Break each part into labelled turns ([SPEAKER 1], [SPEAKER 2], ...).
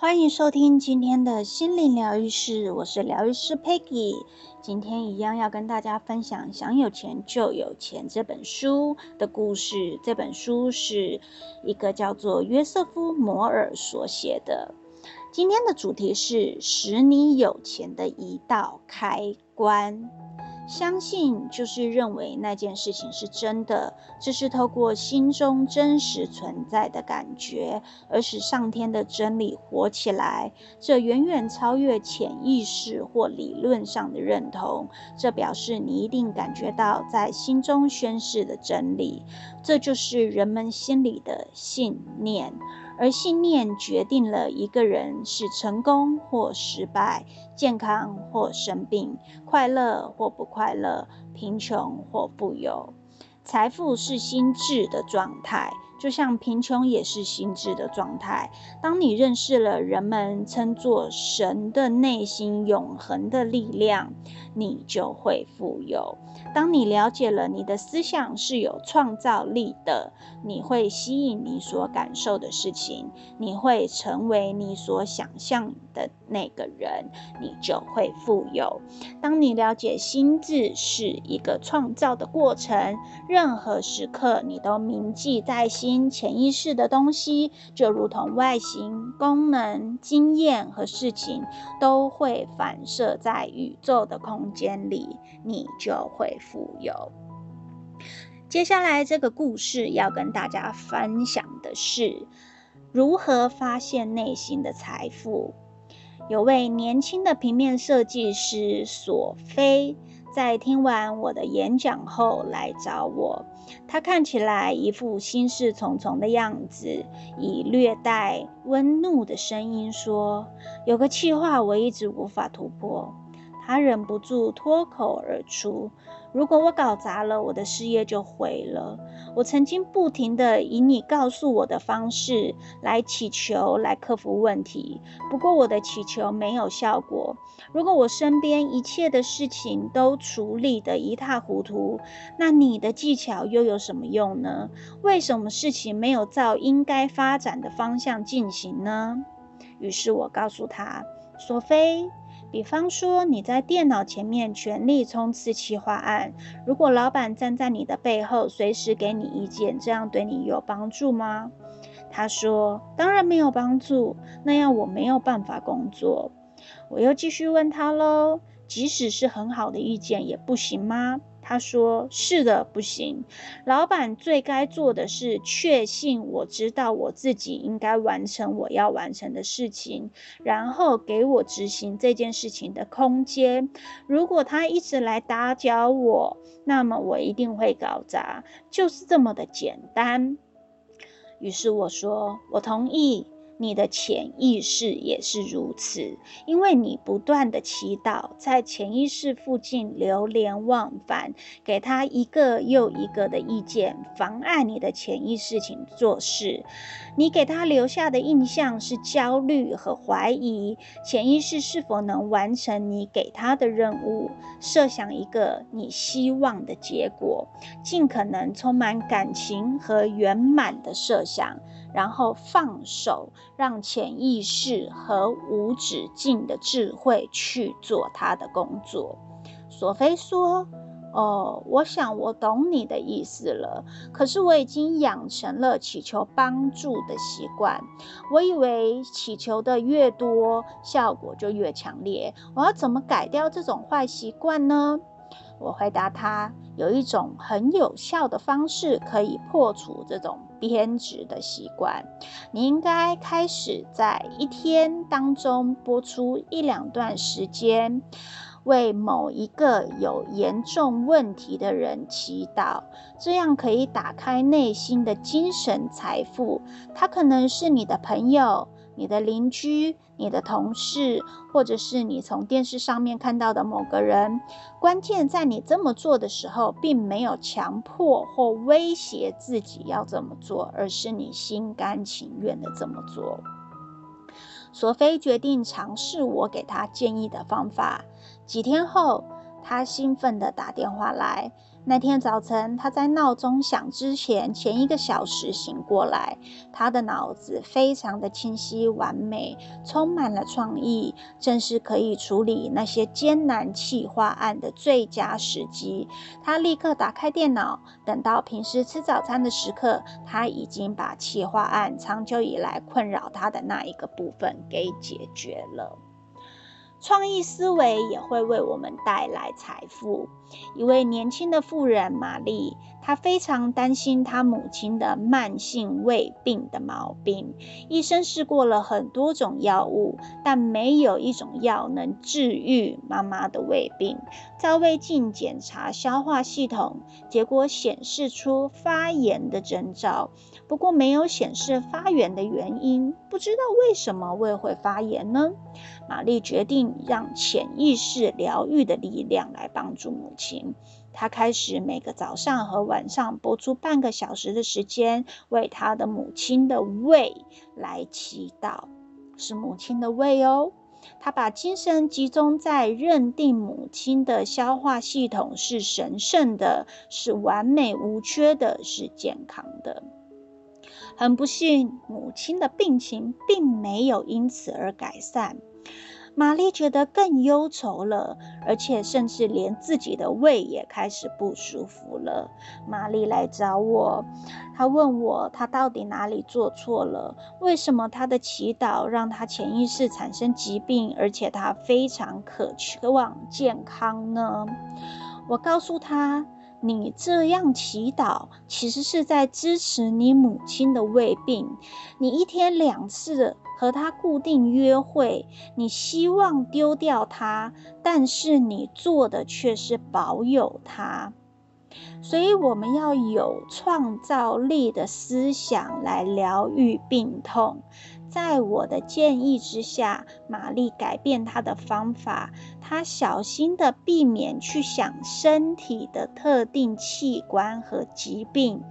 [SPEAKER 1] 歡迎收聽今天的心靈療癒室。我是療癒師 Peggy。今天一樣要跟大家分享《想有錢就有錢》這本書的故事。這本書是一個叫做約瑟夫·摩爾所寫的。今天的主題是使你有錢的一道開關。相信就是認為那件事情是真的，這是透過心中真實存在的感覺，而使上天的真理活起來。這遠遠超越潛意識或理論上的認同。這表示你一定感覺到在心中宣示的真理，這就是人們心裡的信念。而信念決定了一個人是成功或失敗、健康或生病、快樂或不快樂、貧窮或富有。財富是心智的狀態。就像貧窮也是心智的狀態。當你認識了人們稱作神的內心永恆的力量，你就會富有。當你了解了你的思想是有創造力的，你會吸引你所感受的事情，你會成為你所想象的那個人，你就會富有。當你了解心智是一個創造的過程，任何時刻你都銘記在心。潛意識的東西，就如同外形、功能、經驗和事情，都會反射在宇宙的空間裡，你就會富有。接下來這個故事要跟大家分享的是，如何發現內心的財富。有位年輕的平面設計師索菲。在聽完我的演講後，來找我。他看起來一副心事重重的樣子，以略帶慍怒的聲音說：“有個氣話，我一直無法突破。”他忍不住脫口而出：“如果我搞砸了，我的事業就毀了。我曾經不停地以你告訴我的方式來祈求，來克服問題。不過我的祈求沒有效果。如果我身邊一切的事情都處理得一塌糊塗，那你的技巧又有什麼用呢？為什麼事情沒有照應該發展的方向進行呢？”於是我告訴他，索菲。比方說，你在電腦前面全力衝刺企劃案，如果老板站在你的背後，隨時給你意見，這樣對你有幫助嗎？他說：當然沒有幫助，那樣我沒有辦法工作。我又繼續問他嘍，即使是很好的意見也不行嗎？他說：“是的，不行。老闆最該做的是確信我知道我自己應該完成我要完成的事情，然後給我執行這件事情的空間。如果他一直來打攪我，那麼我一定會搞砸，就是這麼的簡單。”於是我說：“我同意。”你的潛意識也是如此，因為你不斷地祈禱，在潛意識附近流連忘返，給他一個又一個的意見，妨礙你的潛意識去做事。你給他留下的印象是焦慮和懷疑，潛意識是否能完成你給他的任務？設想一個你希望的結果，盡可能充滿感情和圓滿的設想。然後放手，讓潛意識和無止境的智慧去做它的工作。索菲說：“哦，我想我懂你的意思了。可是我已經養成了祈求幫助的習慣。我以為祈求的越多，效果就越強烈。我要怎麼改掉這種壞習慣呢？”我回答他，有一種很有效的方式可以破除這種偏執的習慣。你應該開始在一天當中撥出一兩段時間，為某一個有嚴重問題的人祈禱，這樣可以打開內心的精神財富。他可能是你的朋友，你的鄰居、你的同事，或者是你從電視上面看到的某個人，關鍵在你這麼做的時候，並沒有強迫或威脅自己要這麼做，而是你心甘情願的這麼做。索菲決定嘗試我給她建議的方法。幾天後，她興奮地打電話來。那天早晨，他在鬧鐘響之前前一個小時醒過來，他的腦子非常的清晰、完美，充滿了創意，正是可以處理那些艱難企劃案的最佳時機。他立刻打開電腦，等到平時吃早餐的時刻，他已經把企劃案長久以來困擾他的那一個部分給解決了。創意思維也會為我們帶來財富。一位年輕的婦人瑪麗。他非常擔心他母親的慢性胃病的毛病，醫生試過了很多種藥物，但沒有一種藥能治癒媽媽的胃病。照胃鏡檢查消化系統，結果顯示出發炎的徵兆，不過沒有顯示發炎的原因。不知道為什麼胃會、會發炎呢？瑪麗決定讓潛意識療癒的力量來幫助母親。他開始每個早上和晚上撥出半個小時的時間，為他的母親的胃來祈禱，是母親的胃哦。他把精神集中在認定母親的消化系統是神聖的，是完美無缺的，是健康的。很不幸，母親的病情並沒有因此而改善。瑪麗覺得更憂愁了，而且甚至連自己的胃也開始不舒服了。瑪麗來找我，她問我她到底哪裡做錯了？為什麼她的祈禱讓她潛意識產生疾病，而且她非常渴望健康呢？我告訴她，你這樣祈禱其實是在支持你母親的胃病，你一天兩次和他固定約會，你希望丟掉他，但是你做的卻是保有他。所以我們要有創造力的思想來療癒病痛。在我的建議之下，瑪麗改變她的方法，她小心地避免去想身體的特定器官和疾病。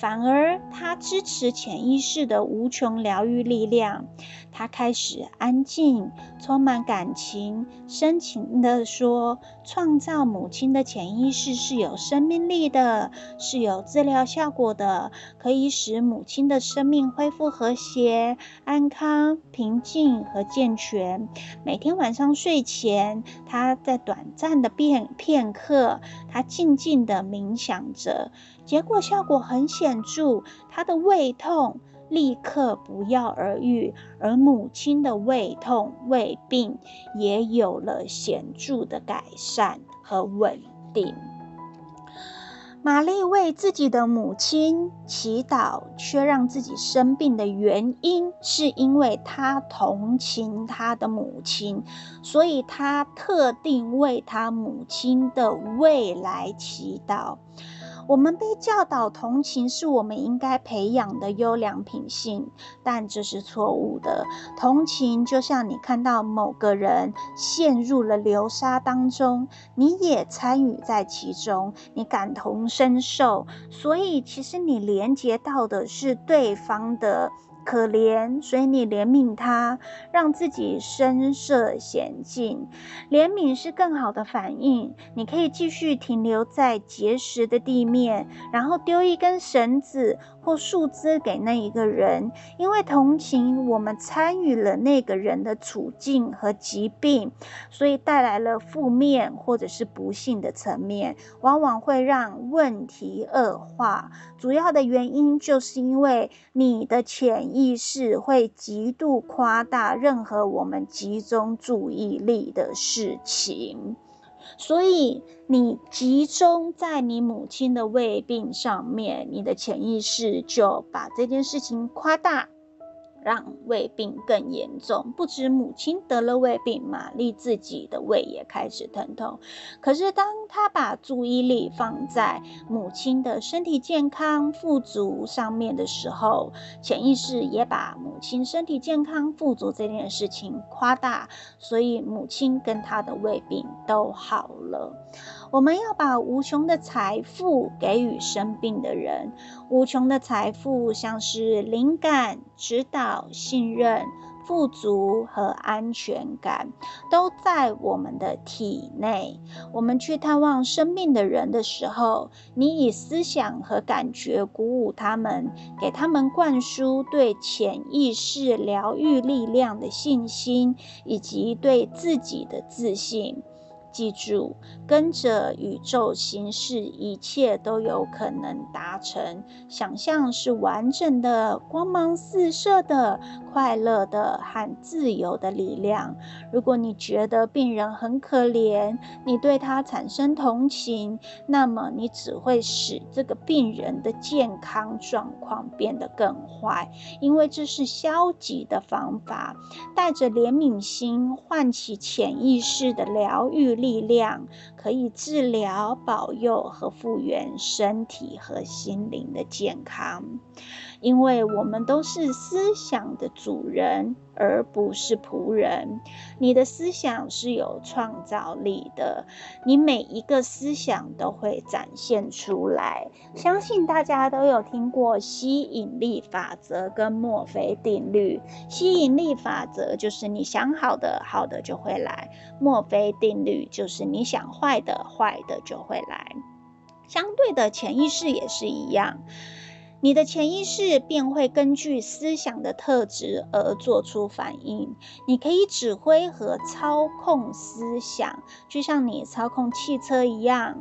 [SPEAKER 1] 反而，他支持潛意識的無窮療癒力量。他開始安靜，充滿感情，深情地說：“創造母親的潛意識是有生命力的，是有治療效果的，可以使母親的生命恢復和諧、安康、平靜和健全。”每天晚上睡前，他在短暫的片片刻，他靜靜的冥想着。結果效果很顯著，他的胃痛立刻不藥而愈，而母親的胃痛、胃病也有了顯著的改善和穩定。瑪麗為自己的母親祈禱，卻讓自己生病的原因，是因為她同情她的母親，所以她特定為她母親的未來祈禱。我們被教導同情是我們應該培養的優良品性，但這是錯誤的。同情就像你看到某個人陷入了流沙當中，你也參與在其中，你感同身受，所以其實你連接到的是對方的。可憐，所以你憐憫他，讓自己身涉險境。憐憫是更好的反應。你可以繼續停留在結實的地面，然後丟一根繩子，或樹枝給那一個人，因為同情，我們參與了那個人的處境和疾病，所以帶來了負面或者是不幸的層面，往往會讓問題惡化。主要的原因就是因為你的潛意識會極度誇大任何我們集中注意力的事情。所以，你集中在你母親的胃病上面，你的潛意識就把這件事情誇大。讓胃病更嚴重，不止母親得了胃病，瑪麗自己的胃也開始疼痛。可是，當她把注意力放在母親的身體健康、富足上面的時候，潛意識也把母親身體健康、富足這件事情誇大，所以母親跟她的胃病都好了。我們要把無窮的財富給予生病的人，無窮的財富像是靈感、指導。信任、富足和安全感都在我們的體內。我們去探望生病的人的時候，你以思想和感覺鼓舞他們，給他們灌輸對潛意識療愈力量的信心，以及對自己的自信。記住，跟着宇宙行事，一切都有可能達成。想象是完整的、光芒四射的、快樂的和自由的力量。如果你覺得病人很可憐，你對他產生同情，那麼你只會使這個病人的健康狀況變得更壞，因為這是消極的方法。帶着憐憫心，喚起潛意識的療癒力。力量可以治療、保佑和復原身體和心靈的健康。因為我們都是思想的主人，而不是僕人。你的思想是有創造力的，你每一個思想都會展現出來。相信大家都有聽過吸引力法則跟墨菲定律。吸引力法則就是你想好的，好的就會來；墨菲定律就是你想壞的，壞的就會來。相對的，潛意識也是一樣。你的潛意識便會根據思想的特質而做出反應。你可以指揮和操控思想，就像你操控汽車一樣。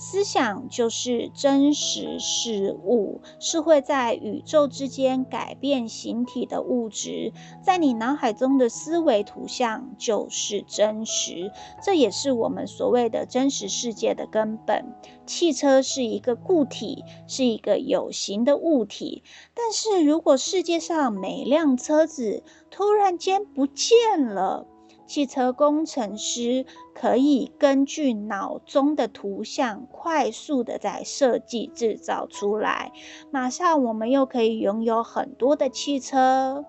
[SPEAKER 1] 思想就是真實事物，是會在宇宙之間改變形體的物質。在你腦海中的思維圖像就是真實，這也是我們所謂的真實世界的根本。汽車是一個固體，是一個有形的物體。但是如果世界上每輛車子突然間不見了，汽車工程師，可以根據腦中的圖像，快速的在設計制造出來，馬上我們又可以擁有很多的汽車。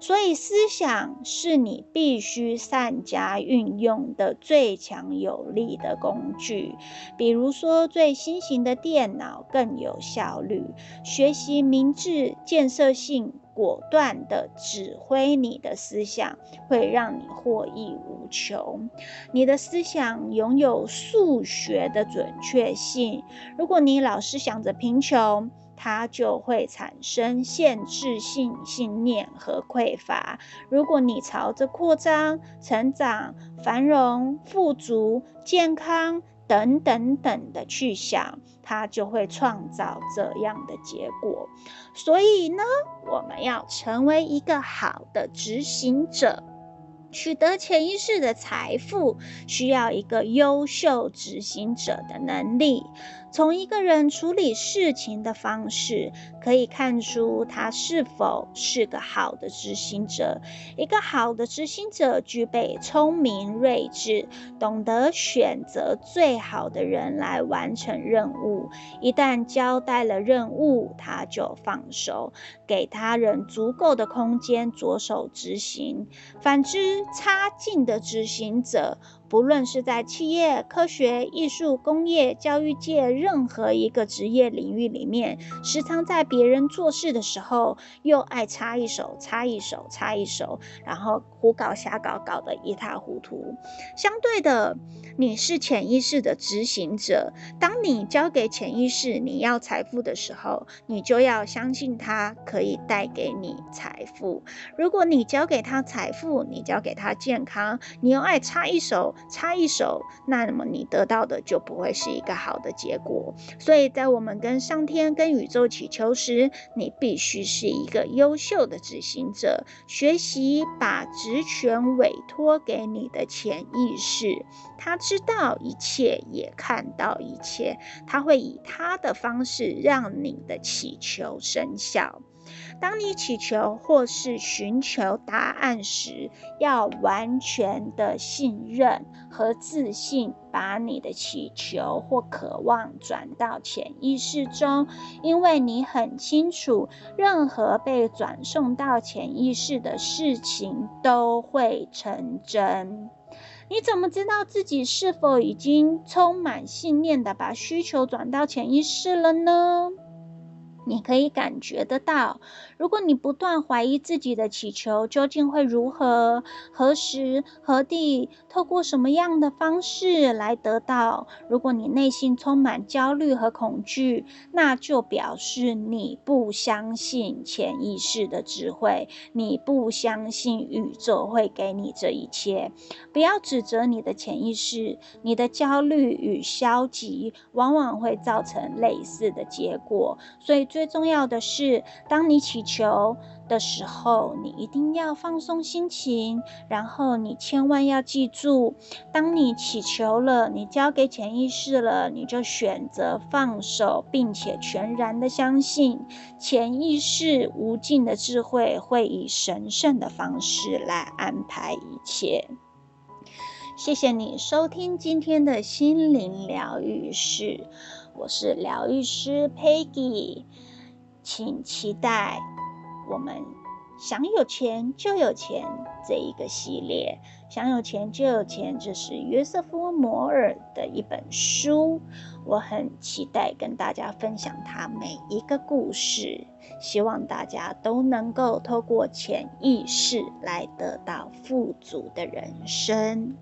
[SPEAKER 1] 所以，思想是你必須善加運用的最強有力的工具。比如說，最新型的電腦更有效率。學習明智、建設性。果斷地指揮你的思想，會讓你獲益無窮。你的思想擁有數學的準確性。如果你老是想着貧窮，它就會產生限制性信念和匱乏。如果你朝着擴張、成長、繁榮、富足、健康，等等等的去想，他就會創造這樣的結果。所以呢，我們要成為一個好的執行者，取得潛意識的財富，需要一個優秀執行者的能力。從一個人處理事情的方式可以看出他是否是個好的執行者。一個好的執行者具備聰明睿智，懂得選擇最好的人來完成任務。一旦交代了任務，他就放手，給他人足夠的空間着手執行。反之，差勁的執行者。不論是在企業、科學、藝術、工業、教育界任何一個職業領域裡面，時常在別人做事的時候，又愛插一手、插一手、插一手，然後胡搞瞎搞，搞得一塌糊塗。相對的，你是潛意識的執行者。當你交給潛意識你要財富的時候，你就要相信它可以帶給你財富。如果你交給他財富，你交給他健康，你又愛插一手。插一手，那麼你得到的就不會是一個好的結果。所以在我們跟上天、跟宇宙祈求時，你必須是一個優秀的執行者，學習把職權委托給你的潛意識。他知道一切，也看到一切，他會以他的方式讓你的祈求生效。當你祈求或是尋求答案時，要完全的信任和自信，把你的祈求或渴望轉到潛意識中，因為你很清楚，任何被轉送到潛意識的事情都會成真。你怎麼知道自己是否已經充滿信念地把需求轉到潛意識了呢？你可以感覺得到，如果你不斷懷疑自己的祈求究竟會如何、何時、何地、透過什麼樣的方式來得到，如果你內心充滿焦慮和恐懼，那就表示你不相信潛意識的智慧，你不相信宇宙會給你這一切。不要指責你的潛意識，你的焦慮與消極往往會造成類似的結果，所以，最重要的是，當你祈求的時候，你一定要放鬆心情。然後你千萬要記住，當你祈求了，你交給潛意識了，你就選擇放手，並且全然的相信潛意識無盡的智慧會以神聖的方式來安排一切。謝謝你收聽今天的心靈療癒室。我是療癒師 Peggy，請期待我們想有錢就有錢這一個系列。想有錢就有錢，這是約瑟夫·摩爾的一本書，我很期待跟大家分享他每一個故事，希望大家都能夠透過潛意識來得到富足的人生。